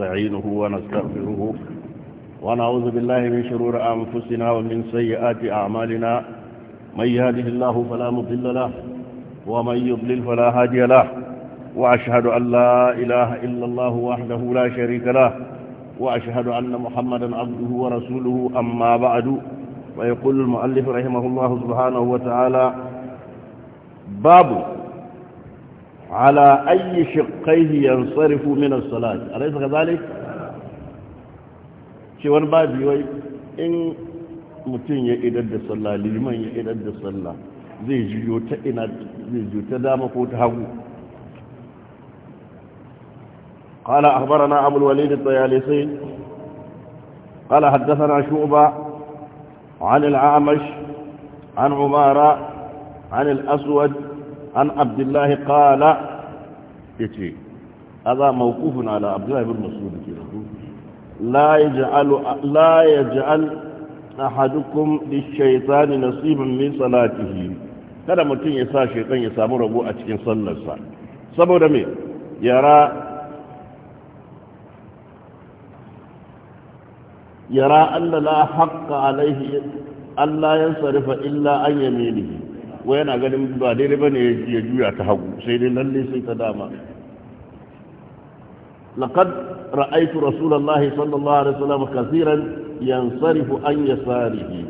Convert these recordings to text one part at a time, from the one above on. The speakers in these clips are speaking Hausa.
نستعينه ونستغفره ونعوذ بالله من شرور أنفسنا ومن سيئات أعمالنا من يهده الله فلا مضل له ومن يضلل فلا هادي له وأشهد أن لا إله إلا الله وحده لا شريك له وأشهد أن محمدا عبده ورسوله أما بعد ويقول المؤلف رحمه الله سبحانه وتعالى باب على أي شقيه ينصرف من الصلاة أليس كذلك؟ شوان بعد يوي إن متين يئدد الصلاة لمن يئدد الصلاة زي jiyo ta زي zai jiyo قوت dama قال أخبرنا أبو الوليد الطيالسي قال حدثنا شعبة عن العامش عن عمارة عن الأسود عن عبد الله قال يتي هذا موقوف على عبد الله بن مسعود لا يجعل لا da shaitani للشيطان نصيبا من صلاته kada mutum ya sa shaitan ya samu rabo a cikin sallarsa saboda mai yara yara Allah la haqqa alaihi Allah yansarifa illa an yaminihi wai yana ganin ba daidai ba ne ya juya ta hagu sai dai lalle sai ta dama laqad ra'aytu rasulullahi sallallahu alaihi wasallam kaseeran yansarifu an yasarihi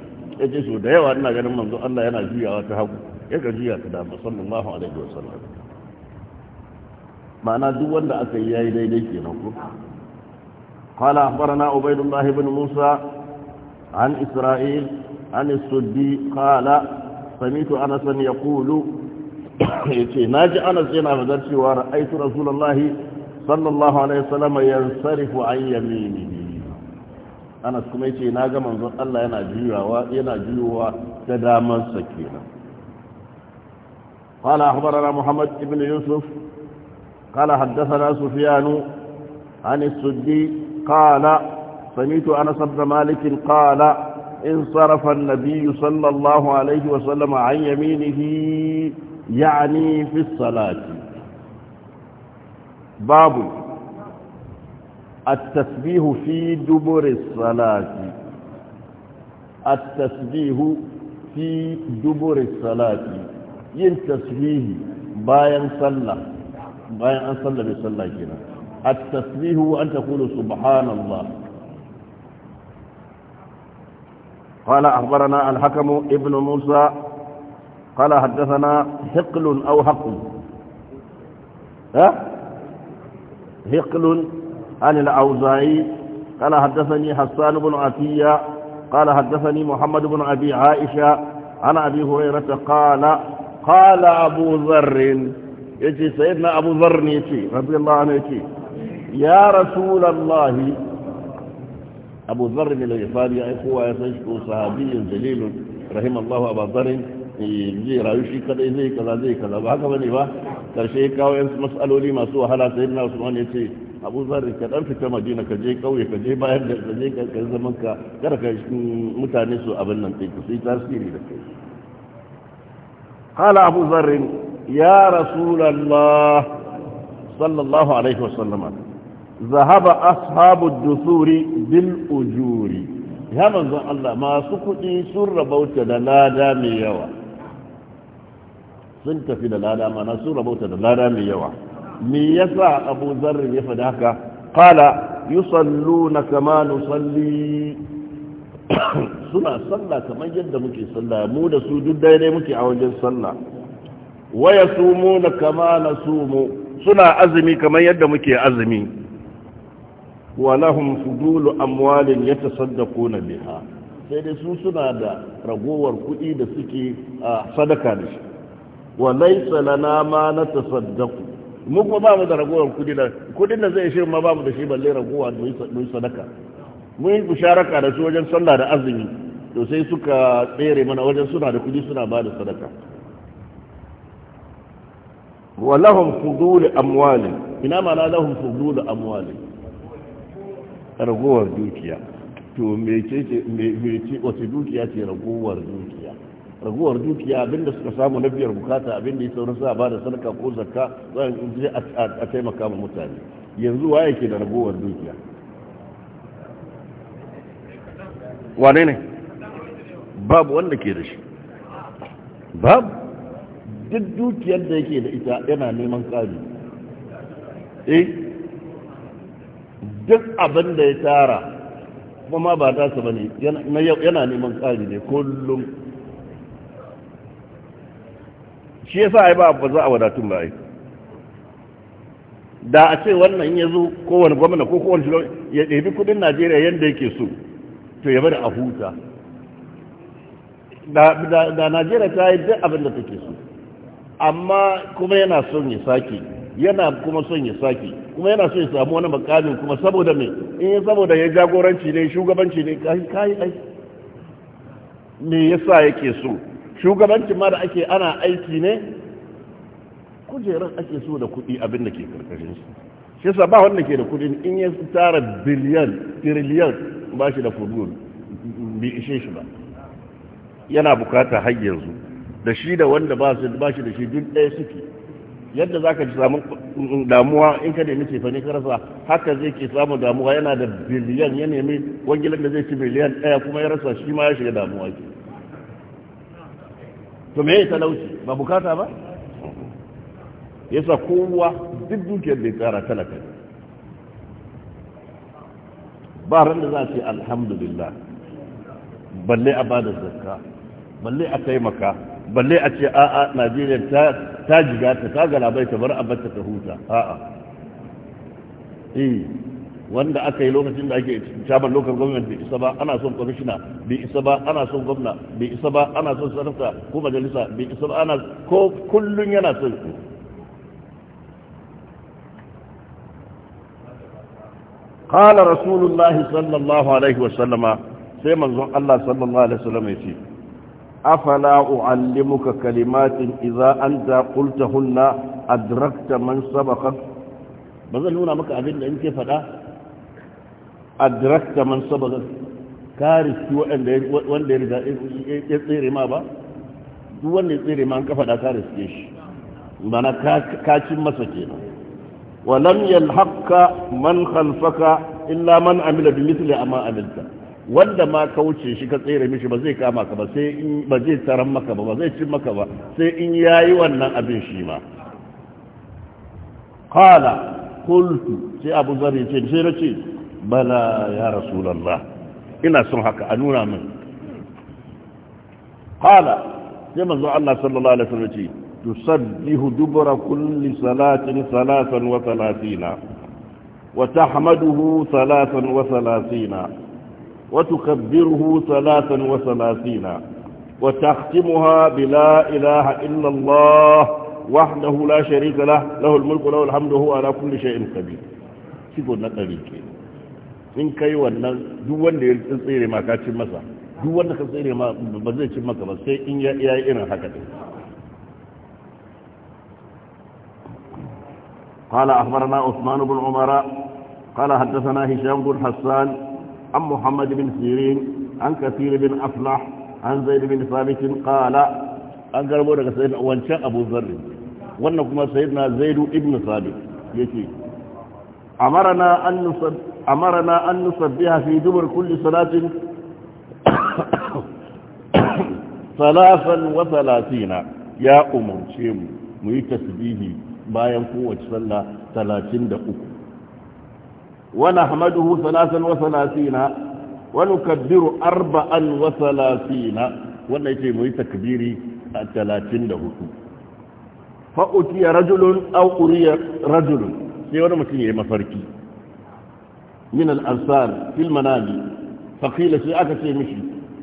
yace so da yawa ina ganin manzo Allah yana juyawa ta hagu yakan juya ta dama sallallahu alaihi wasallam ma'ana duk wanda aka yi yayi daidai kenan ko qala akhbarana ubaydullah ibn musa an isra'il an as-suddi qala samitu anas ne ya kulu yace naji anas yana fadar cewa ra'aytu rasulullahi sallallahu alaihi wasallam yansarifu an yamini anas kuma yace naga manzon Allah yana juyawa yana juyowa da daman sakina قال Muhammad محمد Yusuf, يوسف قال حدثنا سفيان عن السدي قال سميت أنا سبد مالك قال in sarrafan nabiyu sallallahu Alaihi wasallama an yaminihi ya ni fi salati babu attasbihu fi duburin salati yin tasbihi bayan sallah bayan an sallah bai sallah gina attasbihu an ta kula subhanallah قال أخبرنا الحكم ابن موسى قال حدثنا حقل أو حقل ها حقل عن الأوزاعي قال حدثني حسان بن عتية قال حدثني محمد بن أبي عائشة عن أبي هريرة قال قال أبو ذر يجي سيدنا أبو ذر يجي رضي الله عنه يجي يا رسول الله abu zarri ne al-ghifari ya kowa ya san shi ko sahabiyyun rahim allahu abu zarri eh, zai rayu shi kadai zai kaza zai kaza ba haka bane ba karshe kawo yan masaloli masu wahala sai na Usman ya ce Abu Zarri ka dan fita Madina ka je kauye ka je bayan da ka je ka zaman ka kada ka mutane su abin nan sai ku sai tasiri da kai قال أبو ذر يا رسول الله صلى الله عليه وسلم zahaba ashabu dusuri bil ujuri ya manzon Allah masu kuɗi sun rabauta da lada mai yawa sun tafi da lada mana sun rabauta da lada mai yawa me yasa Abu zarri ya faɗa haka qala yusalluna kama nusalli suna sallah kamar yadda muke sallah mu da su duk daidai muke a wajen sallah waya sumu na kama na suna azumi kamar yadda muke azumi wa lahum fudulu amwalin yatasaddaquna biha sai dai su suna da ragowar kuɗi da suke sadaka da shi wa laysa lana ma natasaddaqu mu kuma ba mu da ragowar kuɗi da kuɗin da zai shi ma ba mu da shi balle ragowa da sadaka mun yi musharaka da su wajen sallah da azumi to sai suka tsere mana wajen suna da kudi suna ba da sadaka wa lahum fudul amwali ina ma na lahum fudul amwali ragowar dukiya to mece wace dukiya ce ragowar dukiya ragowar dukiya abinda suka samu na biyar bukata abinda ya sauransu a bada sadaka ko zakka je a taimaka ma mutane yanzu waye ke da ragowar dukiya wane ne babu wanda ke da shi babu duk dukiyar da yake da ita yana neman ƙari eh duk abin da ya tara kuma ba ta su bane yana neman tsari ne kullum shi ya sa ba ba za a wadatun ba yi. da a ce wannan ya zo kowane gwamna ko kowane shi ya ɗabi kudin najeriya yadda yake so to ya bari a huta da najeriya ta yi duk abin da take so amma kuma yana son ya sake yana kuma son ya sake kuma yana son ya samu wani makamin kuma saboda me in eh, saboda ya jagoranci ne shugabanci ne kai kai ai me yasa yake so shugabancin ma da ake ana aiki ne kujerar ake so da kuɗi abin da ke karkashin shi shi yasa ba wanda ke da kuɗi in ya tara biliyan tiriliyan ba shi da kuɗi bi ishe shi ba yana bukata har yanzu da shi da wanda ba shi da shi duk ɗaya suke yadda za ka samu damuwa in ka nemi cefane ka rasa haka zai ke samun damuwa yana da biliyan ya nemi wangilan da zai ci biliyan ɗaya kuma ya rasa shi ma ya shiga damuwa ke to me ya talauci ba bukata ba yasa kowa duk dukiyar da ya tsara talaka ba ran da za a ce alhamdulillah balle a ba da zakka balle a taimaka balle a ce a'a najeriya ta jiga ta ta galabai ta bar abarta ta huta a'a eh wanda aka yi lokacin da ake chairman lokacin gwamnati bai isa ba ana son kwamishina bai isa ba ana son gwamna bai isa ba ana son sarrafa ko majalisa bai isa ba ana ko kullum yana son ku qala rasulullahi sallallahu alaihi wasallama sai manzon Allah sallallahu alaihi wasallama yace afala u'allimuka kalimatin idza anta qultahunna adrakta man sabaqak bazan nuna maka abin da in ke faɗa adrakta man sabaqak ka riski wanda ya riga ya tsere ma ba duk wanda ya tsere ma an ka faɗa ka riske shi mana ka cin masa kenan ولم man من خلفك إلا من عمل بمثل أما عملت wanda ma ka wuce shi ka tsere mishi ba zai kama ka ba sai in ba zai taran maka ba ba zai cin maka ba sai in yayi wannan abin shi ma qala qultu sai Abu Zar ya ce sai na ce bala ya rasulullah ina son haka a nuna min qala sai manzo Allah sallallahu alaihi wasallam ce tusabbihu dubra kulli salatin salatan wa talatina وتحمده ثلاثا وثلاثين وتكبره ثلاثا وثلاثين وتختمها بلا إله إلا الله وحده لا شريك له له الملك له الحمد هو على كل شيء قدير شوفوا نقريك in kai wannan duk wanda ya tsere ma ka cin masa duk wanda ka tsere ma ba zai cin masa ba sai in ya yi irin haka din قال أخبرنا عثمان بن عمر قال حدثنا هشام بن حسان عن محمد بن سيرين عن كثير بن أفلح عن زيد بن ثابت قال أقربوا لك سيدنا وانشاء أبو ذر وأنكما سيدنا زيد بن ثابت يكي أمرنا أن نصب أمرنا أن نصبها في دبر كل صلاة ثلاثا وثلاثين يا أمم شيم ميتسبيه باين قوة صلى ثلاثين دقيقة ونحمده ثلاثا وثلاثين ونكبر أربعا وثلاثين ونأتي مهي تكبيري الثلاثين له فأتي رجل أو أري رجل سيوانا مكيني مفركي من الأنصار في المنام فقيل سيأك سيمشي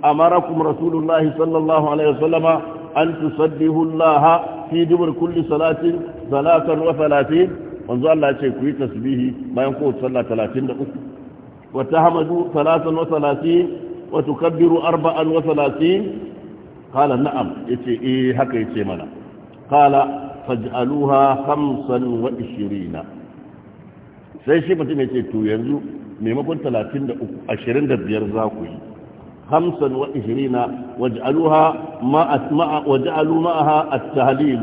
أمركم رسول الله صلى الله عليه وسلم أن تصديه الله في دبر كل صلاة ثلاثا وثلاثين manzo Allah ce ku yi tasbihi bayan kowace sallah 33 wa tahmadu 33 wa tukabbiru 34 qala na'am yace eh haka yace mana qala faj'aluha 25 sai shi mutum yace to yanzu maimakon 33 25 za ku yi 25 waj'aluha ma'a ma'a waj'alu ma'aha at-tahlil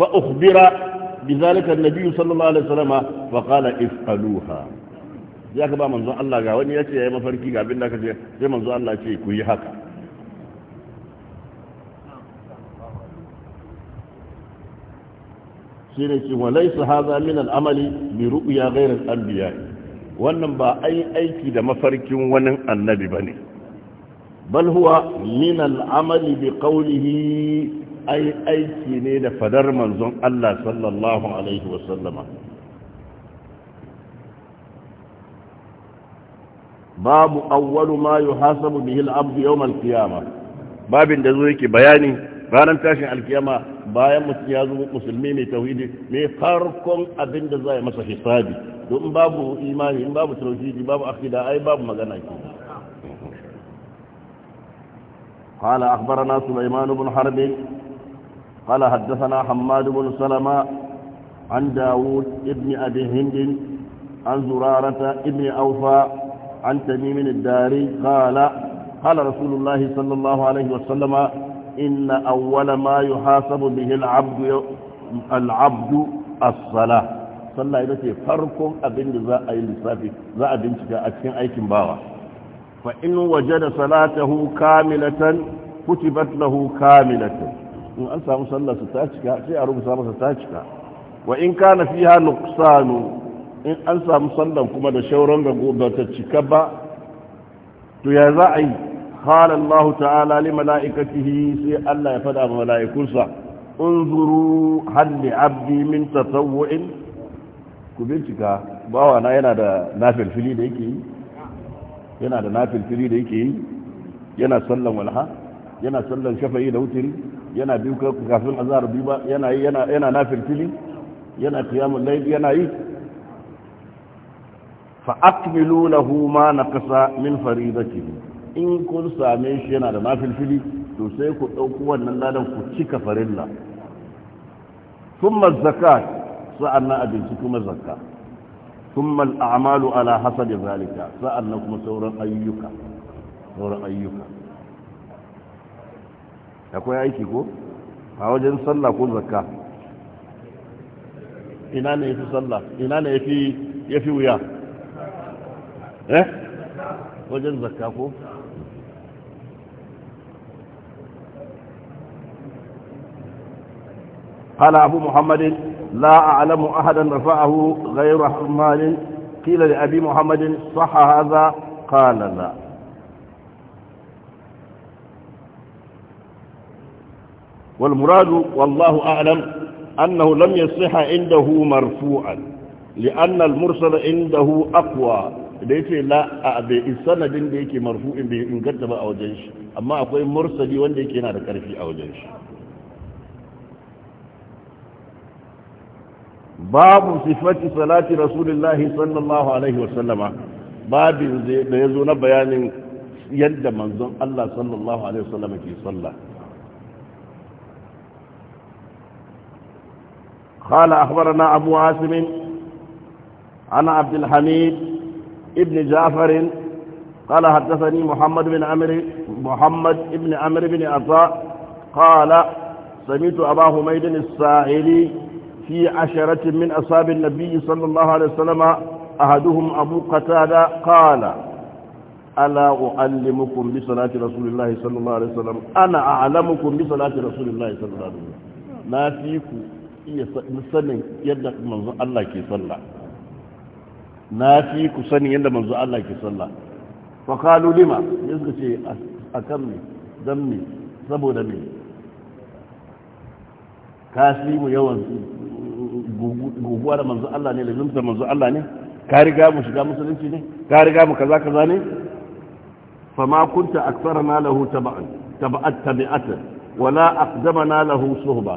fa ukhbira bizalika annabi sallallahu alaihi wasallam fa ka ba manzon Allah ga wani yace da kace sai yi haka shi ne ce walaisa haza wannan ba ai aiki da mafarkin wani annabi bane bal huwa min al'amali bi qawlihi ai aiki ne da fadar manzon Allah sallallahu alaihi wasallama babu awwalu ma yuhasabu bihi al-abd yawm al babin da zo yake bayani ranar tashin alkiyama bayan mutum ya zuwa musulmi mai tauhidi mai farkon abin da za masa hisabi don babu imani in babu tauhidi babu akida ai babu magana ke. قال أخبرنا سليمان بن حرب قال حدثنا حماد بن سلمة عن داود ابن أبي هند عن زرارة ابن أوفى عن تميم الداري قال قال رسول الله صلى الله عليه وسلم إن أول ما يحاسب به العبد العبد الصلاة صلى إذا فرق أبن ذا أي لسافي ذا أبن أكين أي كمباوة فإن وجد صلاته كاملة كتبت له كاملة in an samu sallah su ta cika sai a rubuta masa ta cika wa in kana fiha nuqsanu in an samu sallan kuma da shauran ga gobe ta cika ba to ya za a yi qala Allah ta'ala li mala'ikatihi sai Allah ya fada ma mala'ikunsa unzuru hal li 'abdi min tatawwu'in ku bincika wa na yana da nafil fili da yake yi yana da nafil fili da yake yi yana sallan walha yana sallan shafa'i da wutiri yana biyu kafin azhar biyu ba yana yi yana yana fili yana qiyamul layl yana yi fa akmilu lahu ma naqasa min faridatihi in kun same shi yana da fili to sai ku ɗauku wannan ladan ku cika farilla thumma zakat sa'anna abinci kuma zakka thumma al a'malu ala hasabi zalika na kuma sauran ayyuka sauran ayyuka akwai aiki ko a wajen sallah ko zakka ina ne yafi sallah ina ne yafi yafi wuya eh wajen zakka ko قال أبو محمد لا أعلم أحدا رفعه غير حمال قيل لأبي محمد صح هذا قال لا والمراد والله أعلم أنه لم يصح عنده مرفوعا لأن المرسل عنده أقوى da yake la a bai sanadin da yake marfu'in bai inganta ba a wajen shi amma akwai mursali wanda yake yana da karfi a wajen shi babu sifati salati rasulullahi sallallahu alaihi wasallama babin da ya zo na bayanin yadda manzon Allah sallallahu alaihi ke sallah قال أخبرنا أبو عاصم عن عبد الحميد ابن جعفر قال حدثني محمد بن عمرو محمد بن عمرو بن عطاء قال سمعت أبا حميد الساعلي في عشرة من أصحاب النبي صلى الله عليه وسلم أحدهم أبو قتادة قال ألا أعلمكم بصلاة رسول الله صلى الله عليه وسلم أنا أعلمكم بصلاة رسول الله صلى الله عليه وسلم ما فيكم iya sanin yadda manzon Allah ke sallah na fi ku sanin yadda manzon Allah ke sallah fa kalu lima yanzu ce akan me dan me saboda me ka fi mu yawan guguwa da manzon Allah ne lazimta manzon Allah ne ka riga mu shiga musulunci ne ka riga mu kaza kaza ne fa ma kunta aktsara na lahu taba'an taba'at tabi'atan wala na lahu suhba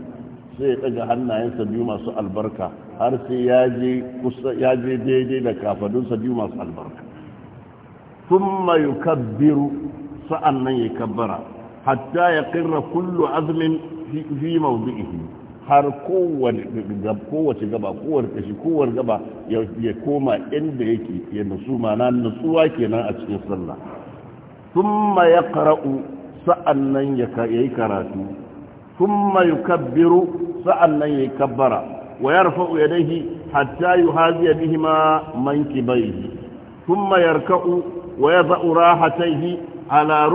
sai ya ɗaga hannayensa biyu masu albarka har sai ya je daidai da kafadunsa biyu masu albarka sun mayu kabbiru sa'an nan ya kabbara hatta ya ƙirra kullu azumin fi maudu'ihi har kowace gaba kowar kashi kowar gaba ya koma inda yake ya nasu mana nasuwa kenan a cikin sallah sun mai ya ƙara'u karatu ثم يكبر sa'an sa'annan yi kabbara wa rufa yadayhi hatta yi bihima mankibayhi thumma ka’u wa yadh'u rahatayhi ala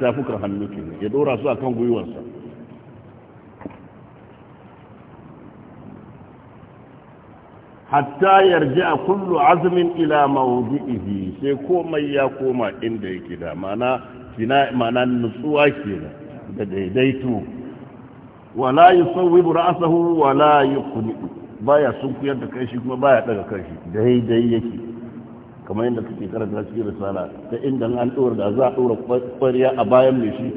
ta fuka hannu hannuki ya dora su akan gwiwarsa. hatta a kullu azumin ila mawdi'ihi sai komai ya koma inda yake da mana nutsuwa ke da daidaito wala yusawwibu ra'sahu wala ba ya sunkuyar da kai shi kuma ya daga kai shi daidai yake kamar yadda kake karanta cikin risala ta inda an ɗora da za a ɗora kwariya a bayan mai shi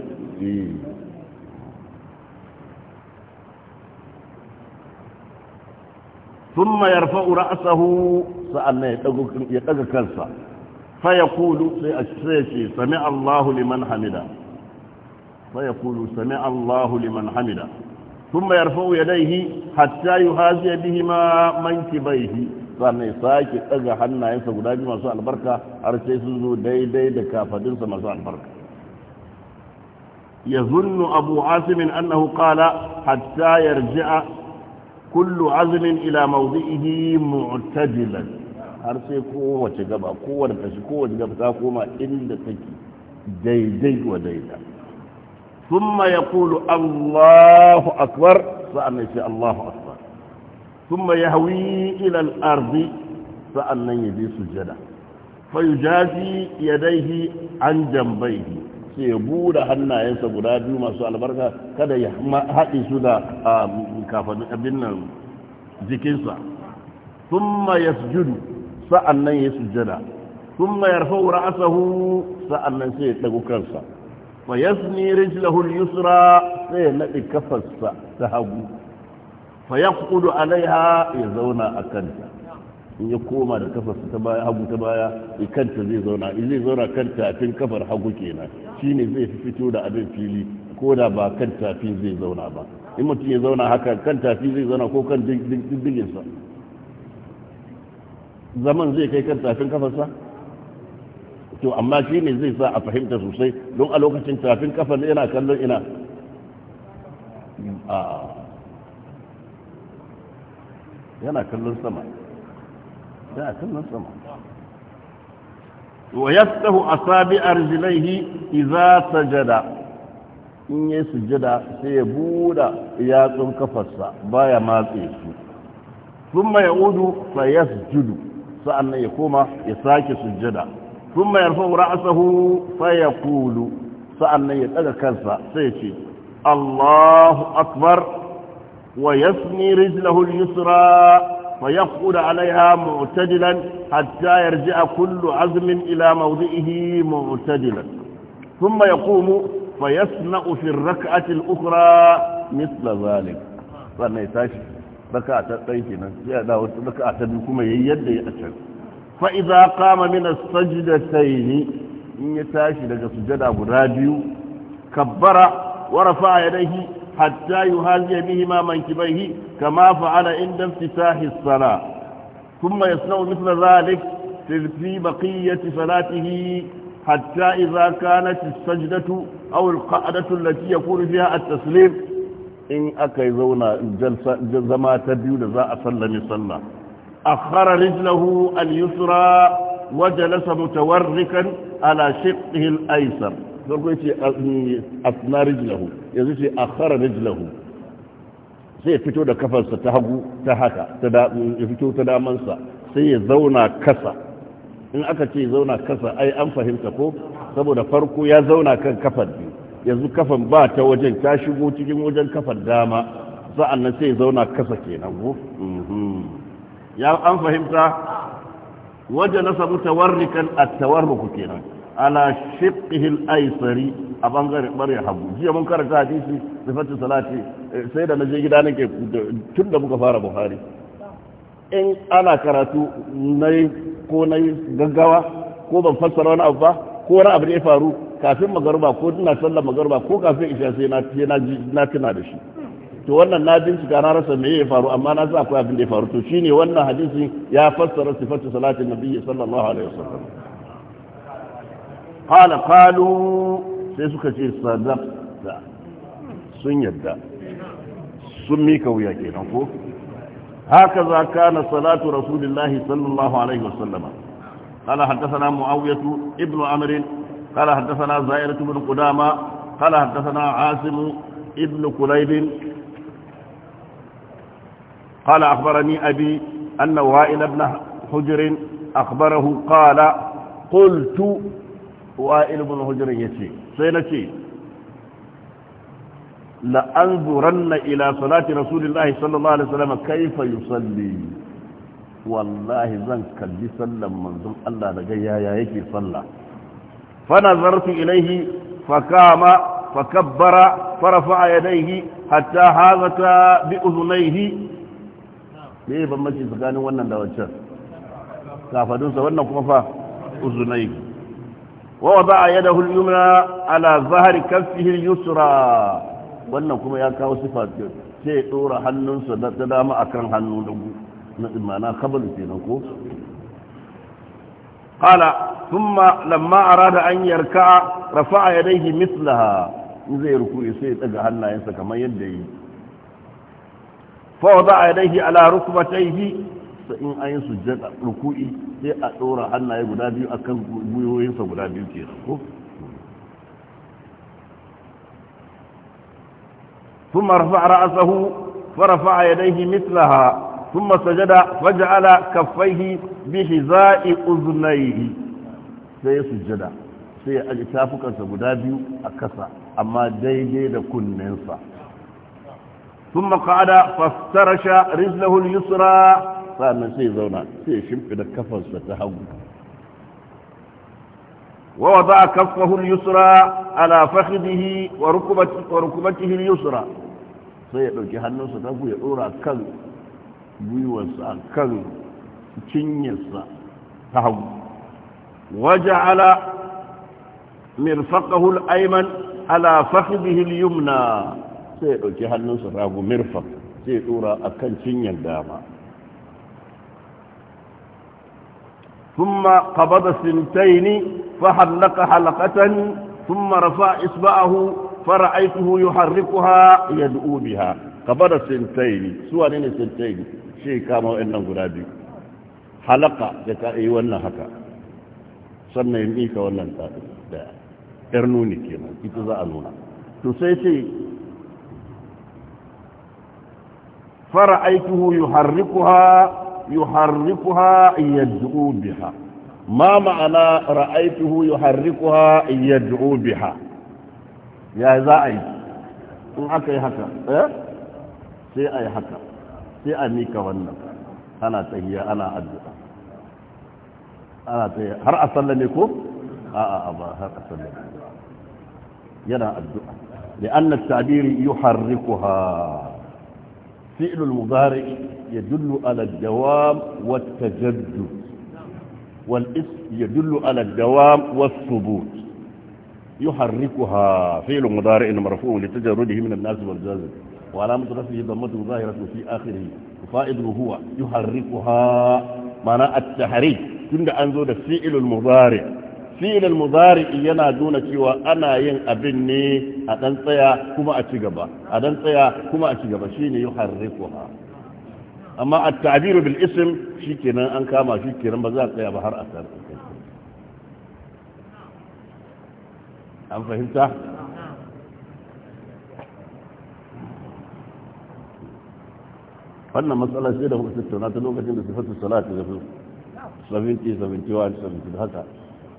ثم يرفع رأسه سألنا يتقى كنسا فيقول سيأشيشي سمع الله لمن حمده فيقول سمع allahu liman hamida. ثم يرفع يديه حتى يهازي بهما منكبيه sannan ya sake ɗaga hannayensa guda biyu masu albarka har sai sun zo daidai da kafadinsa masu albarka ya zunnu abu asimin annahu qala hatta yarji'a kullu azmin ila mawdi'ihi mu'tadilan har sai kowace gaba kowace kashi kowace gaba ta koma inda take daidai wa daidai ثم يقول الله أكبر فأنا يشاء الله أكبر ثم يهوي إلى الأرض فأنا يبي سجدا فيجازي يديه عن جنبيه سيبود هنا ينسى قدادي ما سؤال بركة كذا يحمي سدى كافة ابن jikinsa thumma yasjudu sa'annan ya sujjada thumma yarfa'u ra'sahu sa'annan sai ya dago kansa wa yasni rijlahu al-yusra sai ya nadi kafarsa ta hagu fa yaqudu alaiha ya zauna a kanta in ya koma da kafarsa ta baya hagu ta baya kanta zai zauna in zai zauna kan tafin kafar hagu kenan shine zai fito da abin fili ko da ba kan tafi zai zauna ba in mutum ya zauna haka kan tafi zai zauna ko kan sa zaman zai kai kan tafin kafarsa to amma shi ne zai sa a fahimta sosai don a lokacin tafin ne yana kallon ina yana kallon sama yana kallon sama wa yastahu asabi arjilaihi idza sajada in ya sujada sai ya buda yatsun kafarsa baya matse su thumma ya'udu fa yasjudu sa'annan ya koma ya sake sujada ثم يرفع رأسه فيقول سألني يتلقى كنسا الله أكبر ويثني رجله اليسرى فيقول عليها معتدلا حتى يرجع كل عزم إلى موضعه معتدلا ثم يقوم فيصنع في الركعة الأخرى مثل ذلك فأنا يتاشي بكاعة تأتينا نعم، بكاعة تبكم يد يأتي فإذا قام من السجدتين إن يتاشي لك سجدة راديو كبر ورفع يديه حتى يهازي بهما منكبيه كما فعل عند افتتاح الصلاة ثم يصنع مثل ذلك في بقية صلاته حتى إذا كانت السجدة أو القعدة التي يكون فيها التسليم إن أكي أكيزونا زما تبيو لذا أسلم صلى أخر رجله اليسرى وجلس متوركا على شقه الأيسر farko ce asna rijlahu yanzu ce akhara rijlahu sai fito da kafarsa ta hagu ta haka ta da ya fito ta damansa sai ya zauna kasa in aka ce zauna kasa ai an fahimta ko saboda farko ya zauna kan kafar biyu yanzu kafan ba ta wajen ta shigo cikin wajen kafar dama sa'annan sai zauna kasa kenan ko ya an fahimta wajen nasa mutawarrikan a tawarruku kenan ala shiqihil aisari a bangare barya hagu jiya mun karanta hadisi sifatu salati eh, sai da naje gida nake tun da muka fara buhari in ana karatu nai ko nai gaggawa ko ban fassara wani abu ba ko wani abu da faru kafin magaruba ko ina sallar magaruba ko kafin isha sai na na tuna da shi to wannan na bincika na rasa me ya faru amma na sa akwai abin da ya faru to shine wannan hadisi ya fassara sifatu salatin nabiyyi sallallahu alaihi wasallam qala qalu sai suka ce sadaqta sun yadda sun mika wuya kenan ko haka za kana salatu rasulillahi sallallahu alaihi wasallam قال حدثنا معاوية ابن عمرو قال حدثنا زائرة بن قدامة قال حدثنا عاصم ابن كليب قال أخبرني أبي أن وائل بن حجر أخبره قال قلت وائل بن حجر يتي سينتي لأنظرن إلى صلاة رسول الله صلى الله عليه وسلم كيف يصلي والله زنك اللي سلم منظم الله لقيا يا يكي صلى فنظرت إليه فقام فكبر فرفع يديه حتى هاغت بأذنيه da ya bambanci tsakanin wannan da wancan kafadunsa wannan kuma fa uzunai wa ba a yada hulyumna ala zahar kafihin yusra wannan kuma ya kawo sifa sai ya ɗora hannunsa ta dama a kan hannu dagu na imana kabal kenan ko قال ثم لما أراد أن يركع رفع mislaha zai زي sai سيد أجا hannayensa kamar yadda yi. فوضع يديه على ركبتيه فإن أين سجد ركوئي سيء أطورا أن يقول لابي أكن بيوين فقل لابي كيرا ثم رفع رأسه فرفع يديه مثلها ثم سجد فجعل كفيه بحزاء أذنيه سيء سجد سيء الإتافك سبدابي أكسى أما جيدي لكل ننصر ثم قعد فافترش رجله اليسرى فأنا سيزونا سيشمك لكفر ستهوك ووضع كفه اليسرى على فخذه وركبته, وركبته اليسرى سيدوك هنو ستهوك يقول كذب gwiwarsa a kan cinyarsa ta hagu waje ala mirfaƙahul aiman sai ya ɗauki hannunsa ragu mirfa sai ya tsura a kan cinyar dama thumma qabada sintaini fa halaka halaqatan thumma rafa isba'ahu fa ra'aytuhu yuharrikuha yad'u biha qabada ne ne sintaini shi kama wannan guda biyu halaka da ka yi wannan haka sannan yin ika wannan da ƴar nuni kenan ita za a nuna to sai sai فرأيته يحركها يحركها يدعو بها ما معنى رأيته يحركها يدعو بها يا زائد in aka yi haka sai a haka sai a mika wannan ana tahiya ana ana tahiya har a a'a ba har لأن التعبير يحركها فعل المضارع يدل على الدوام والتجدد والاسم يدل على الدوام والثبوت يحركها فعل مضارع مرفوع لتجرده من الناس والجاز وعلامة رفعه ضمته ظاهرة في آخره وفائده هو يحركها معنى التحريك كنا أنزل فعل المضارع fi'ilin muzari'i yana nuna cewa ana yin abin ne a dan tsaya kuma a cigaba a dan tsaya kuma a ci gaba shine yuharrikuha amma at-ta'biru bil ism shikenan an kama shikenan ba za a tsaya ba har a tsaya an fahimta wannan matsalar sai da muka tattauna ta lokacin da sifatu salati da su 70 71 70 haka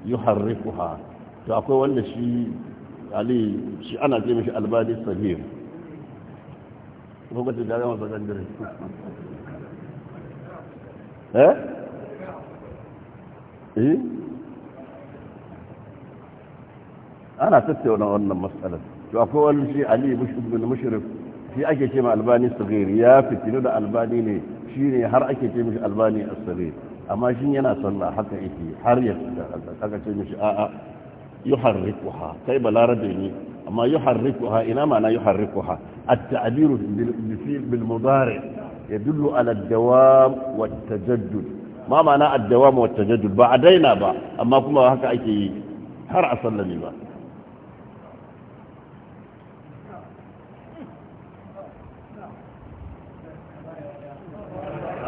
yuharrikuha to akwai wanda shi ali shi ana ce mishi albadi sabir lokacin da zama zagan dire eh eh ana tattauna wannan matsalar to akwai wani shi ali bin mushrik shi ake ce ma albani sabir ya fitinu da albani ne shi ne har ake ce mishi albani as-sabir amma shi yana sallah haka yake har ya aka ce mishi a'a yuharrikuha kai balarabe ne amma yuharrikuha ina ma'ana yuharrikuha at-ta'biru bil mudari yadullu ala ad-dawam wat tajaddud ma ma'ana ad-dawam wat tajaddud ba adaina ba amma kuma haka ake yi har a sallame ba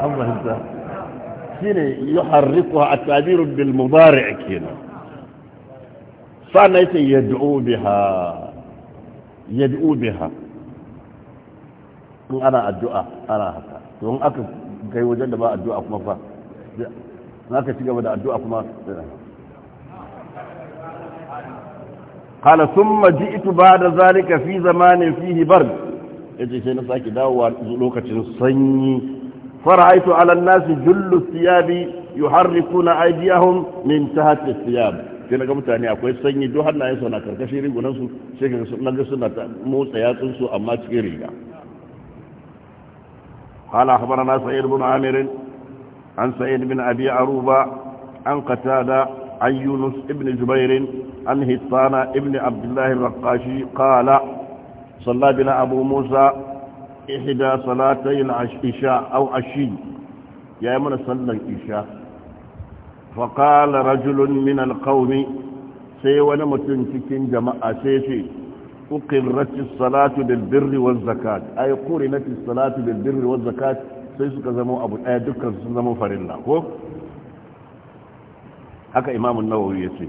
an fahimta لكن يحرقها التعبير بالمضارع كنا فانا يدعو بها يدعو بها انا الدعاء انا هكا وان اكف كي وجد بها الدعاء كما فا ما كتب بها الدعاء كما قال ثم جئت بعد ذلك في زمان فيه برد يجي شيء نساكي داوان زلوكة نصني فرأيت على الناس جل الثياب يحركون أيديهم من تحت الثياب kina ga mutane akwai sanyi duk hannayen su na karkashin rigunan su sai na ga suna ta motsa yatsun su amma cikin riga hala akhbarana sa'id ibn amir an sa'id ibn abi aruba an qatada an yunus ibn jubair an hisana ibn abdullah ar-raqashi qala صلى بنا أبو موسى ihda salatayn isha aw ashi yayi mana sallar isha fa qala rajulun min alqawmi sai wani mutum cikin jama'a sai ce uqirratis salatu bil birri waz zakat ay qurinatis salatu bil birri zakat sai suka zama abu daya dukkan sun zama farilla ko haka imamun nawawi ya ce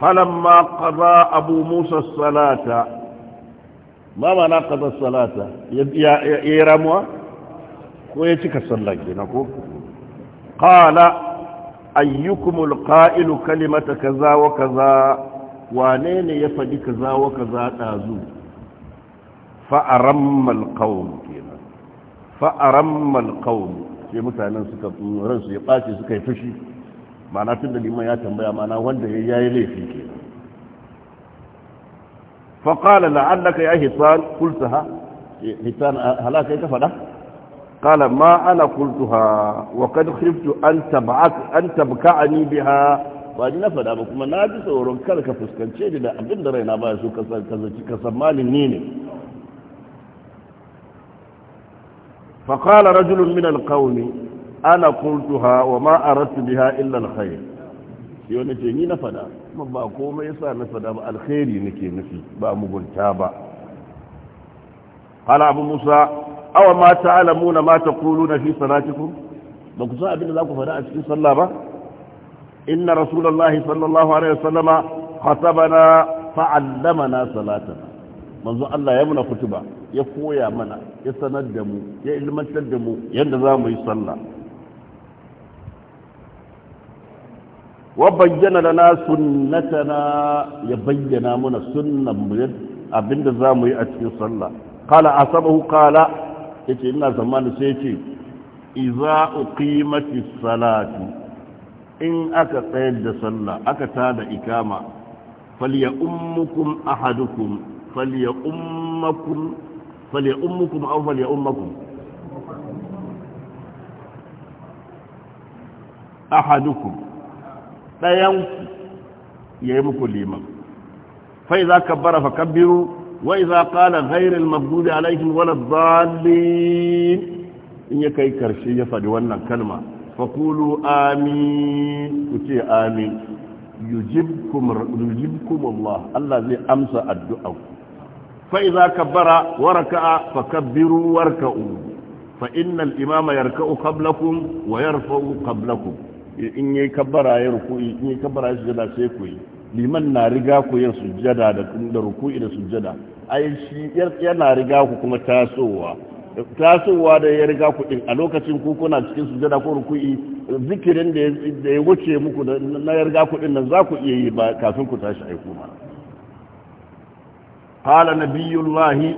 فلما قضى أبو موسى الصلاة ما معنى قضى الصلاة يرموا ويتك الصلاة قال أيكم القائل كلمة كذا وكذا wane ne ya faɗi kaza wa kaza ɗazu fa'arammal ƙaun kenan ƙaun sai mutanen suka ransu ya ɓace suka yi fushi ma'ana tun da liman ya tambaya ma'ana wanda ya yi laifi ke faƙala la'allaka ya kultu ha hitan halaka ya faɗa ana kultu ha wa kan خفت an tabka a تبكعني بها ba na faɗa ba kuma na ji tsoron kada ka fuskance ni da abin da raina ba su ka sammalin ni ne faƙala rajulun min alƙauni ana qultuha wa ma aradtu biha illa alkhair shi wani ce ni na fada kuma ba komai yasa na fada ba alkhairi nake nufi ba mugunta ba qala abu musa aw ma ta'lamuna ma na fi salatikum ba ku san abin da za ku fada a cikin sallah ba inna rasulullahi sallallahu alaihi wasallama khatabana fa'allamana salatana manzo Allah ya muna kutuba ya koya mana ya sanar da mu ya ilmantar da mu yadda za mu yi sallah wa bayyana lana sunnatana ya bayyana mana sunnan mu abinda za mu yi a cikin sallah kala a saba kala ya ce ina zamanin sai ce iza uqimati salati in aka tsayar da sallah aka tada ikama falya ummukum ahadukum falya ummakum falya ummukum aw falya ummakum ahadukum ɗayanku ya yi muku liman fai za ka bara fa kabbiru wai za ƙala ghairin mabdudi alaikin wala zalin in ya kai karshe ya faɗi wannan kalma fakulu amin ku ce amin yujibkum Allah Allah zai amsa addu'anku fai za ka bara waraka'a fa kabbiru warka'u fa imama yarka'u qablakum wa yarfa'u qablakum in yi kabbara ya ruku'i in yi kabbara ya sujada sai ku yi liman na riga ku yin sujada da da ruku'i da sujada ai shi yana riga ku kuma tasowa tasowa da ya riga ku din a lokacin ku kuna cikin sujada ko ruku'i zikirin da ya wuce muku na ya riga ku din nan za ku iya yi ba kafin ku tashi ai kuma qala nabiyullahi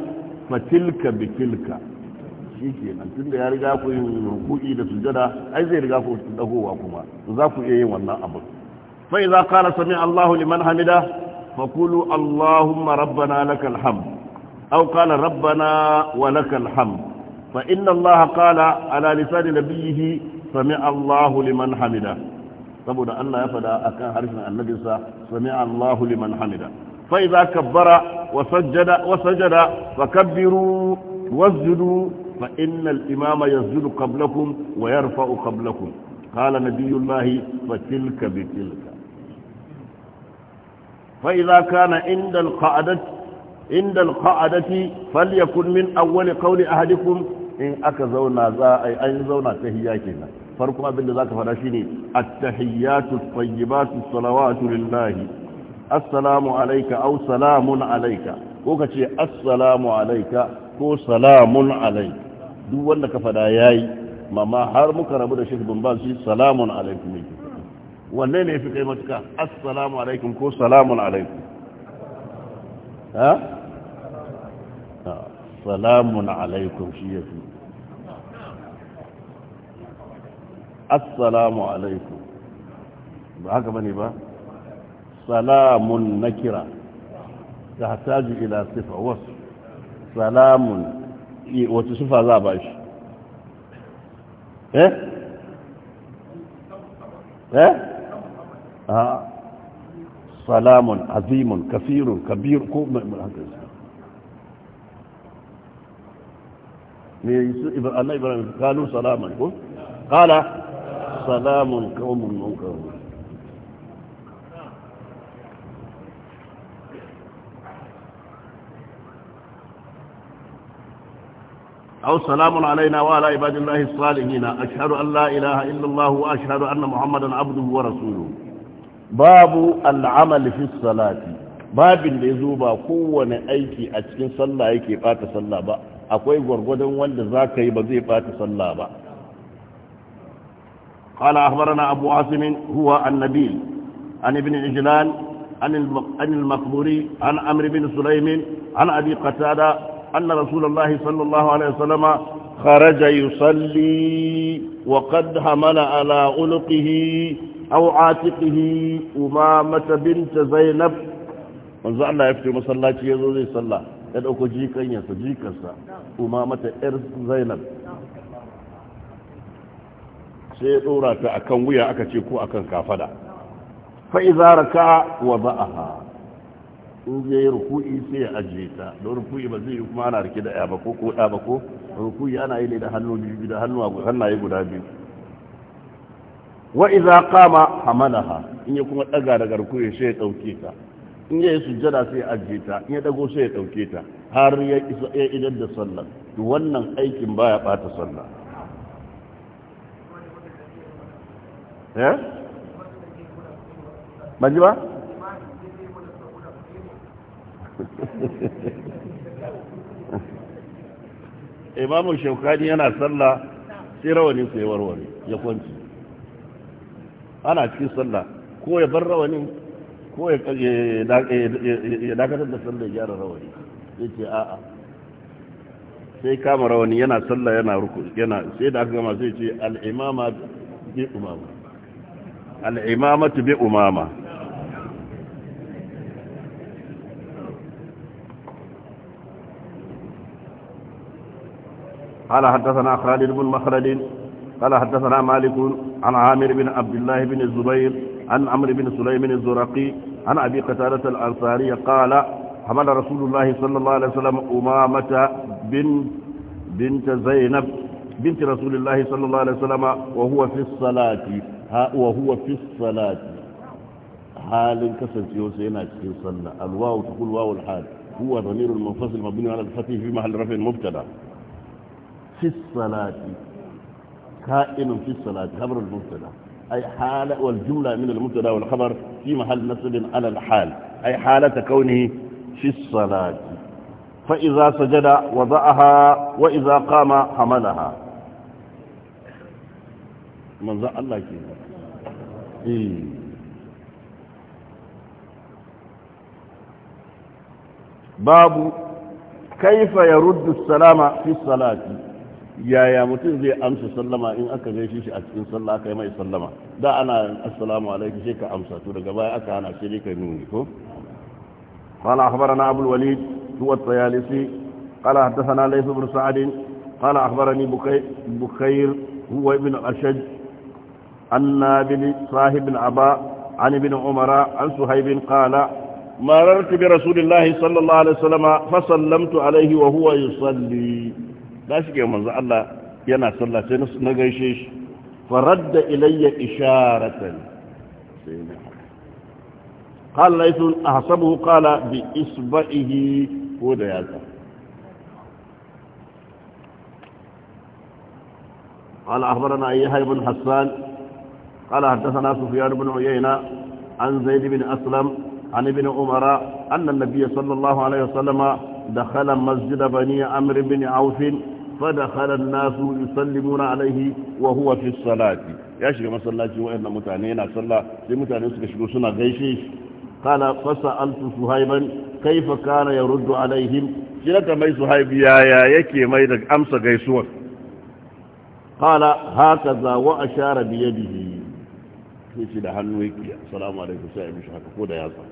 fatilka bitilka shi kenan tunda ya riga ku yi ruku'i da sujada ai zai riga ku dagowa kuma za ku iya yin wannan abu fa idza qala sami Allahu liman hamida fa qulu Allahumma rabbana lakal hamd aw qala rabbana wa lakal hamd fa inna Allah qala ala lisan nabiyhi sami Allahu liman hamida saboda Allah ya fada akan harshen annabinsa sami Allahu liman hamida fa idza kabbara wa sajjada wa sajjada fakabbiru wasjudu فإن الإمام يزل قبلكم ويرفع قبلكم قال نبي الله فتلك بتلك فإذا كان عند القعدة عند القعدة فليكن من أول قول أهدكم إن أكزونا ذا أي أنزونا تهياتنا فاركم أبن ذاك التحيات الطيبات الصلوات لله السلام عليك أو سلام عليك وكتشي السلام عليك ko salamun alai duk wanda ka fada yi mama har muka rabu da Sheikh Bin Baz shi salamun alaikum ne wanne ne fi kai matuka assalamu alaikum ko salamun alaikum ha salamun alaikum shi ya fi assalamu alaikum ba haka bane ba salamun nakira tahtaju ila sifa wasf salamun wata sufa za a ba shi eh eh a salamun azimun kafirun kabirun ko mai hankali ne Allah Ibrahim kalu salaman ko kala salamun kawun munkarun أو سلام علينا وعلى عباد الله الصالحين أشهد أن لا إله إلا الله وأشهد أن محمدا عبده ورسوله باب العمل في الصلاة باب يزوبا قوة أيكي أتكين صلى أيكي فات صلى با أقوي غرغدا وند ذاك يبزي قات صلى با قال أخبرنا أبو عاصم هو النبيل عن ابن عجلان عن المقبوري عن عمرو بن سليم عن أبي قتادة أن رسول الله صلى الله عليه وسلم خرج يصلي وقد حمل على عنقه أو عاتقه أمامة بنت زينب manzo Allah ya fito masallaci ya zo zai salla ya dauko jikanyarsa jikarsa kuma mata zainab sai ya dora ta akan wuya aka ce ko akan kafada fa iza raka wa ba'aha in zai yi ruku'i sai ya ajiye ta don ruku'i ba zai yi kuma ana rike da ya ba ko ko da ba ko ruku'i ana yi ne da hannu biyu da hannu hannaye guda biyu wa idza qama hamalaha in ya kuma daga daga ruku'i sai ya dauke ta in ya yi sujjada sai ya ajiye ta in ya dago sai ya dauke ta har ya isa ya idan da sallah to wannan aikin baya bata sallah eh ban ji ba Eh, imamu shaukani yana sallah sai rawanin sai warware ya kwanci ana cikin sallah ko ya bar rawanin ko ya dakatar da sallah ya gyara rawani ya ce a'a sai kama rawani yana sallah yana ruku yana sai da aka gama sai ce al'imama bi umama al'imama bi umama قال حدثنا خالد بن مخلد قال حدثنا مالك عن عامر بن عبد الله بن الزبير عن عمرو بن سليم الزرقي عن أبي قتادة الأنصاري قال حمل رسول الله صلى الله عليه وسلم أمامة بنت, بنت زينب بنت رسول الله صلى الله عليه وسلم وهو في الصلاة وهو في الصلاة حال كسر يوسينا في الصلاة الواو تقول واو الحال هو ضمير المنفصل مبني على الفتح في محل رفع مبتدا في الصلاة كائن في الصلاة خبر المبتدا أي حالة والجملة من المبتدا والخبر في محل نصب على الحال أي حالة كونه في الصلاة فإذا سجد وضعها وإذا قام حملها من ذا الله كيف إيه. باب كيف يرد السلام في الصلاة yaya mutum zai amsa sallama in aka gaishe shi a cikin sallah kai mai sallama da ana assalamu alaikum sai ka amsa to daga baya aka ana sai kai nuni ko قال أخبرنا أبو الوليد هو الطيالسي قال حدثنا ليث بن سعد قال أخبرني بخير هو ابن أشج أن بن صاحب العباء عن ابن عمر عن سهيب قال مررت برسول الله صلى الله عليه وسلم فسلمت عليه وهو يصلي da shi ke manzo Allah yana sallah sai na gaishe shi faradda ilayya isharatan sai ne قال ليس أحسبه قال بإصبعه هو ده يا قال أخبرنا أيها بن حسان قال حدثنا سفيان بن عيينة عن زيد بن أسلم عن ابن عمر أن النبي صلى الله عليه وسلم دخل مسجد بني عمرو بن عوف فدخل الناس يسلمون عليه وهو في الصلاة يا شيخ مسلاجي وإن متعنينا صلى في لمتعنين سكشكو سنة غيشيش قال فسألت سهيبا كيف كان يرد عليهم شلة مي سهيب يا يا يكي مي دك أمس غيشوك قال هكذا وأشار بيده في شلة هنويك السلام عليكم سعيد مش حكا يا صاحب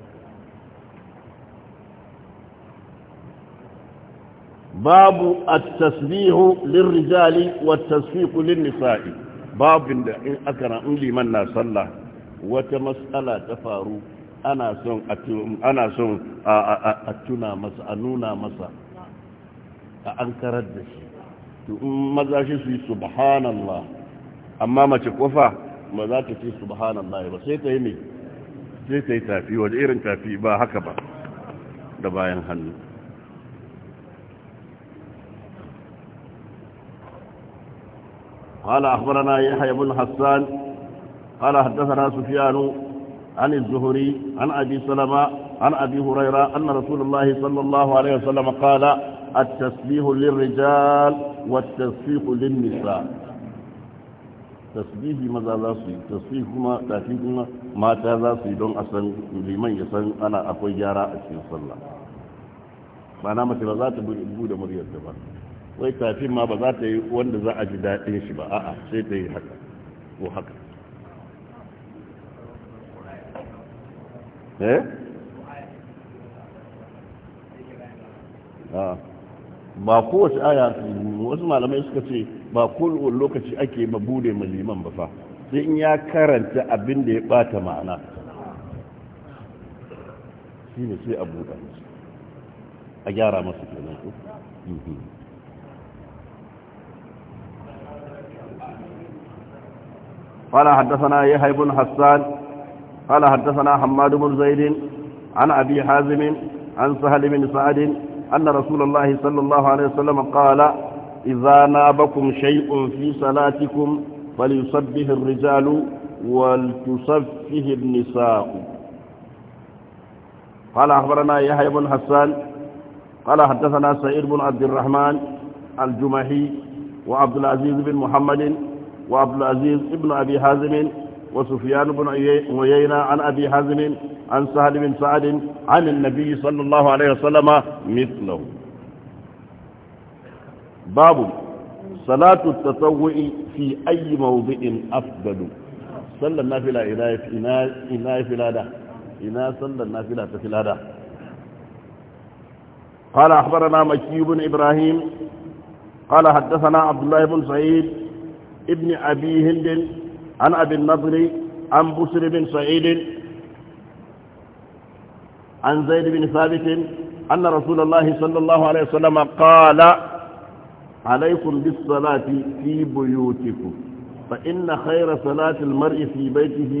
babu at-tasbihu lirrijali wat-tasfiqu nisai babin da in aka ra'un liman na sallah wata mas'ala ta faru ana son ana son a tuna masa a nuna masa a an karar da shi to in maza shi su subhanallah amma mace kofa ba za ta ce subhanallah ba sai ta yi ne sai ta yi tafi wajen irin tafi ba haka ba da bayan hannu قال أخبرنا يحيى بن حسان قال حدثنا سفيان عن الزهري عن أبي سلمة عن أبي هريرة أن رسول الله صلى الله عليه وسلم قال التسبيح للرجال والتسبيح للنساء تسبيح ماذا لا سي تسبيح ما تسبيح ما ما تذا سي دون أسن لمن يسن أنا أقول جارا أشي صلى الله فأنا ما تبغى تبغى تبغى تبغى تبغى wai tafin ma ba za ta yi wanda za a ji daɗin shi ba a'a sai ta yi haka ko haka eh ba kowace aya wasu malamai suka ce ba kowane lokaci ake mabude ma liman ba fa sai in ya karanta abin da ya bata ma'ana shi ne sai a buɗa a gyara masu kenan ko mhm. قال حدثنا يحيى بن حسان قال حدثنا حماد بن زيد عن أبي حازم عن سهل بن سعد أن رسول الله صلى الله عليه وسلم قال إذا نابكم شيء في صلاتكم فليصبه الرجال ولتصفه النساء قال أخبرنا يحيى بن حسان قال حدثنا سعيد بن عبد الرحمن الجمحي وعبد العزيز بن محمد وعبد العزيز ابن أبي حازم وسفيان بن عيينة عن أبي حازم عن سهل بن سعد عن النبي صلى الله عليه وسلم مثله باب صلاة التطوع في أي موضع أفضل صلى النافلة إلى إلى إلى إنا صلى النافلة في الأداء قال أخبرنا مكي بن إبراهيم قال حدثنا عبد الله بن سعيد ابن أبي هند عن أبي النضر عن بسر بن سعيد عن زيد بن ثابت أن رسول الله صلى الله عليه وسلم قال عليكم بالصلاة في بيوتكم فإن خير صلاة المرء في بيته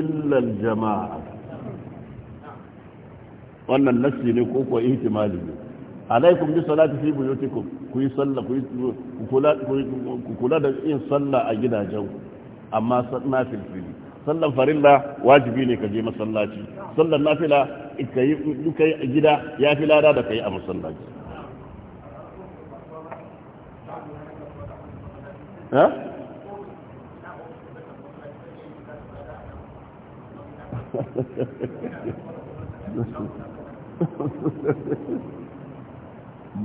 إلا الجماعة وأن nassi ne ko alaikum bi salati fi buyutikum ku yi sallah ku kula da yin sallah a gidajen amma na filfili sallan farilla wajibi ne ka je masallaci sallan nafila ka yi duka a gida ya fi lada da kai a masallaci ha?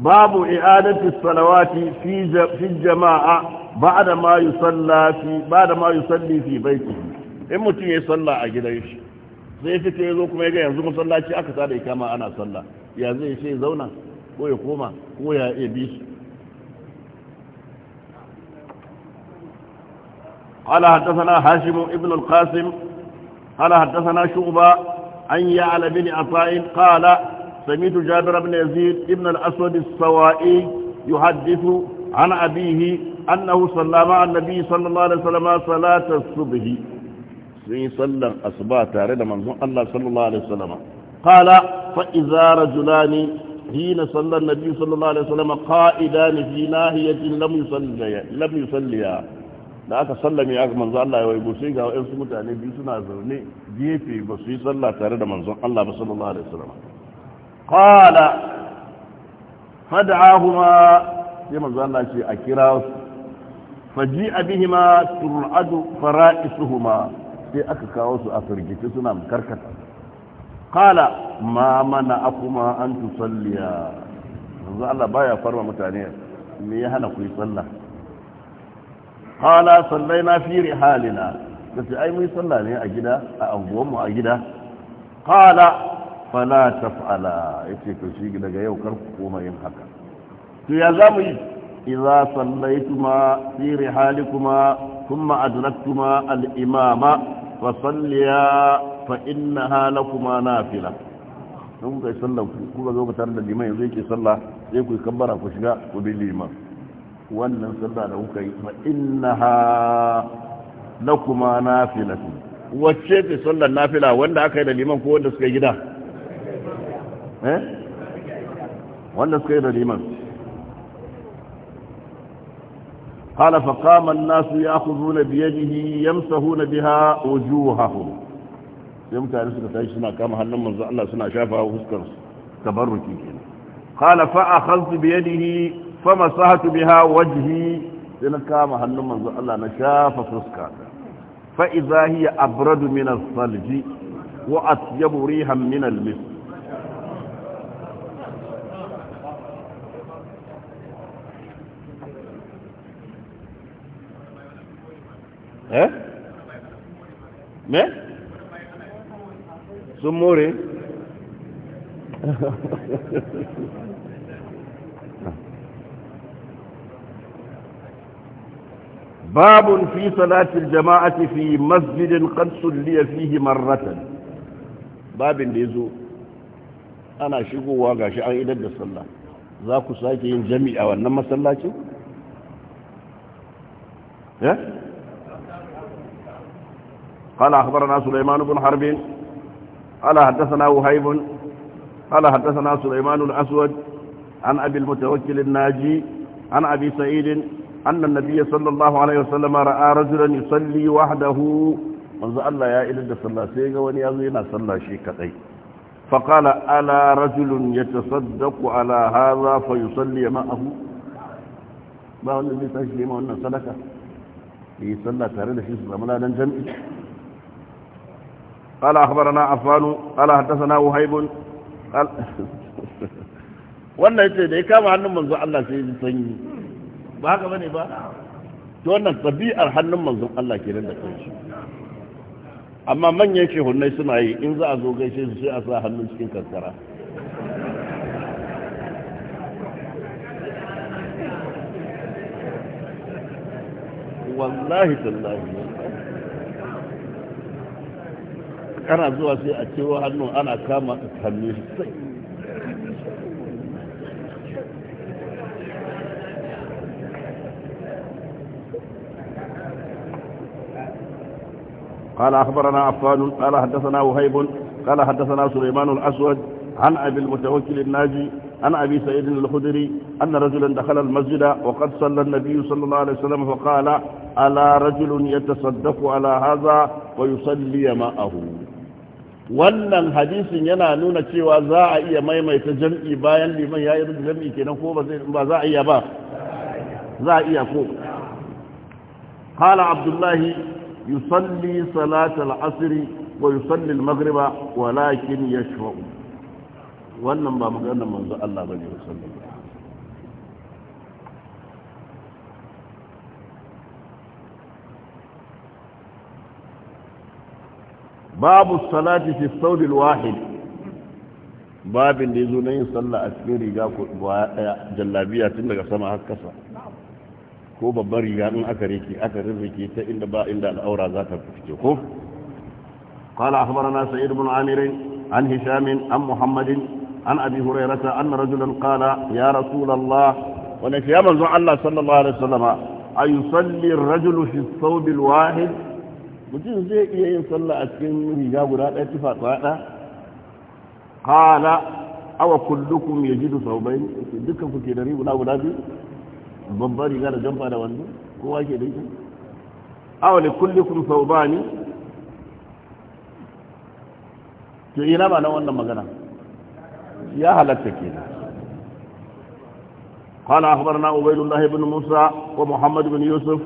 babu i'adatu salawati fi jama'a ba'da ma yusalla fi fi baitihi in mutum ya salla a gidan shi zai fito yazo kuma yaga yanzu musallaci aka sada ikama ana salla ya zai sai zauna ko ya koma ko ya ebi su قال حدثنا هاشم ابن القاسم قال حدثنا شعبة عن يعلى بن عطاء قال سميت جابر بن يزيد ابن الأسود السوائي يحدث عن أبيه أنه صلى مع النبي صلى الله عليه وسلم صلاة الصبح في صلى أصبات تارد منظوم الله صلى الله عليه وسلم قال فإذا رجلان حين صلى النبي صلى الله عليه وسلم قائدان في ناهية لم يصليا لم يصليا لا aka يا aka manzo Allah ya waigo sai ga wayansu mutane جيفي suna zaune gefe ba su yi الله tare da manzon Allah qala fad'ahuma sai manzo ce a kira su faji'a bihima tur'adu fara'isuhuma sai aka kawo su a firgice suna karkata qala ma mana akuma an tusalliya manzo Allah baya farma mutane me ya hana ku yi sallah qala sallaina fi rihalina kace ai mun sallah ne a gida a anguwan mu a gida qala fala taf'ala yace to shi daga yau kar ku koma yin haka to ya zamu yi idza sallaituma fi rihalikuma thumma adraktuma al-imama fa salliya fa innaha lakuma nafila in kai sallan ku kuka zo ku tare da liman yanzu yake sallah sai ku kabbara ku shiga ku bi liman wannan sallah da kuka yi fa innaha lakuma nafilatu wacce ce sallar nafila wanda aka yi da liman ko wanda suka gida إيه؟ ولا wanda suka قال فقام الناس ياخذون بيده يمسحون بها وجوههم يمتى رسل تعيش كما هل من الله سنة شافها وفسكر تبركي قال فأخذت بيده فمسحت بها وجهي سنة كما هل من الله نشاف فسكر فإذا هي أبرد من الثلج وأطيب ريحا من المسك Mẹ́ tó mọ́ rẹ̀. fi salatin jama’a ti fi yi masjidin kansun fi yi maratan. Babin da ya zo, ana shigowa ga shi an idar da salla. Za ku sake yin jami’a wannan masallacin? Ya? Eh? قال أخبرنا سليمان بن حرب قال حدثنا وهيب قال حدثنا سليمان الأسود عن أبي المتوكل الناجي عن أبي سعيد أن النبي صلى الله عليه وسلم رأى رجلا يصلي وحده منذ الله يا إلد صلى سيغا ونيازينا صلى شيكتي فقال ألا رجل يتصدق على هذا فيصلي معه ما هو الذي تجلي ما هو الصدقة يصلى إيه تاريخ يسلم لا ننجمئ قال أخبرنا عفان قال حدثنا وهيب قال wannan ce da ya kama hannun manzon Allah sai ya sanyi ba haka bane ba to wannan tabi'ar hannun manzon Allah kenan da kanshi amma manyan shehunnai suna yi in za a zo gaishe su sai a sa hannun cikin kankara wallahi tallahi أنا zuwa sai a cewa hannu ana kama hannu sai قال أخبرنا عفان قال حدثنا وهيب قال حدثنا سليمان الأسود عن أبي المتوكل الناجي عن أبي سيد الخدري أن رجلا دخل المسجد وقد صلى النبي صلى الله عليه وسلم فقال ألا رجل يتصدق على هذا ويصلي معه wannan hadisin yana nuna cewa za a iya maimaita jam'i bayan liman ya yi jam'i kenan ko ba za a iya ba za a iya ko Kala abdullahi yusalli salatal asiri wa yi sallin maghriba walakin shawo wannan ba maganar manzo Allah bane ya alaihi ba babu salati fi saudil wahid babin da yazo na yin sallah a cikin riga ko jallabiya tun daga sama har kasa ko babban riga in aka rike aka ta inda ba inda al'aura za ta fice ko قال أخبرنا سعيد بن عامر عن هشام عن محمد عن أبي هريرة أن رجلا قال يا رسول الله ونفي من الله صلى الله عليه وسلم أيصلي الرجل في الثوب الواحد mutum zai iya yin sallah a cikin riga guda ɗaya tufa tsada kala awa kullukum yajidu saubai dukkan ku ke da riga guda biyu babbar riga da jamfa da wando kowa ke da ita awa ne kullukum saubani to ina ba na wannan magana ya halatta ke kenan قال أخبرنا عبيد الله بن موسى ومحمد بن يوسف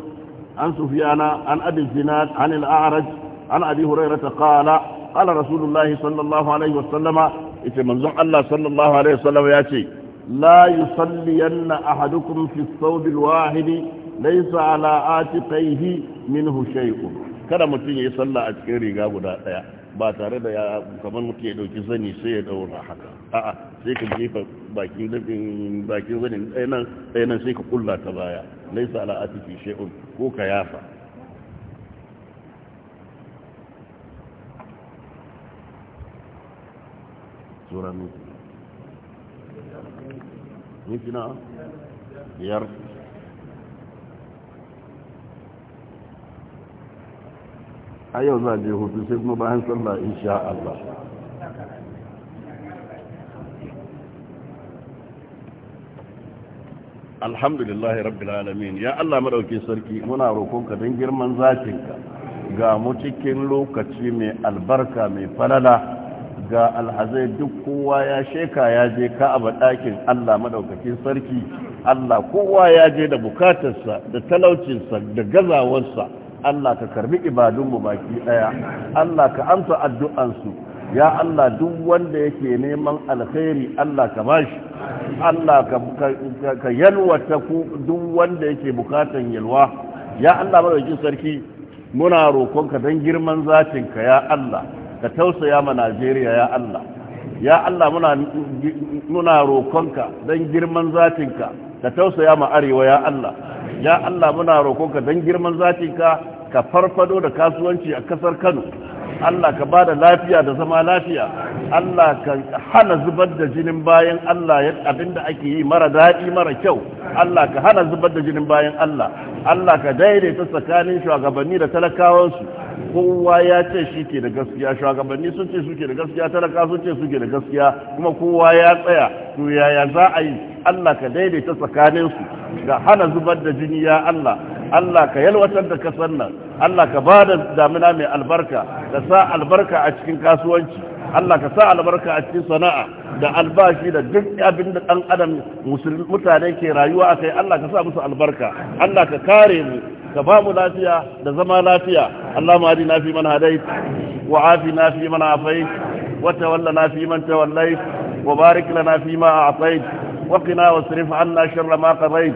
عن سفيان عن أبي الزناد عن الأعرج عن أبي هريرة قال قال رسول الله صلى الله عليه وسلم اتمنزع الله صلى الله عليه وسلم ياتي لا يصلين أحدكم في الثوب الواحد ليس على آتقيه منه شيء kada mutum ya yi sallah a cikin riga guda ɗaya ba tare da ya kamar mutum ya dauki zani sai ya daura haka a'a sai ka jefa bakin bakin zanin ɗayanan ɗayanan sai ka kulla ta baya laisa ala atifi shay'un ko ka yafa sura nufi nufi na biyar a yau za a je hutu sai kuma bayan sallah insha Allah alhamdulillahi rabbil alamin ya Allah madauki sarki muna roƙonka don girman zatinka ga mu cikin lokaci mai albarka mai falala ga alhazai duk kowa ya sheka ya je ka ka'aba ɗakin Allah madaukakin sarki Allah kowa ya je da bukatarsa da talaucinsa da gazawarsa Allah ka karbi ibadunmu baki daya Allah ka amsa addu'ansu ya Allah duk wanda yake neman alkhairi Allah ka bashi Allah ka yalwata ku duk wanda yake bukatan yalwa ya Allah madaukakin sarki muna roƙonka don girman zatinka ya Allah ka tausaya ma Najeriya ya Allah ya Allah muna muna roƙonka don girman zatinka ka tausaya ma arewa ya Allah ya Allah muna roƙonka don girman zatinka ka farfado da kasuwanci a kasar Kano Allah ka bada lafiya da zama lafiya Allah ka hana zubar da jinin bayan Allah abinda ake yi mara daɗi mara kyau Allah ka hana zubar da jinin bayan Allah Allah ka daidaita tsakanin shugabanni da talakawansu kowa ya ce shi ke da gaskiya shugabanni sun ce suke da gaskiya talaka sun ce suke da gaskiya kuma kowa ya tsaya to yaya za a yi Allah ka daidaita tsakaninsu ga hana zubar da jini ya Allah Allah ka yalwatar da kasar nan Allah ka ba da damina mai albarka da sa albarka a cikin kasuwanci Allah ka sa albarka a cikin sana'a da albashi da duk abin da ɗan adam mutane ke rayuwa a kai Allah ka sa musu albarka Allah ka kare mu ka ba mu lafiya da zama lafiya Allah ma na fi man hadait wa afi na fi man afait wa tawalla na fi man tawallait wa barik lana fi ma a'tait وقنا واصرف عنا شر ما قضيت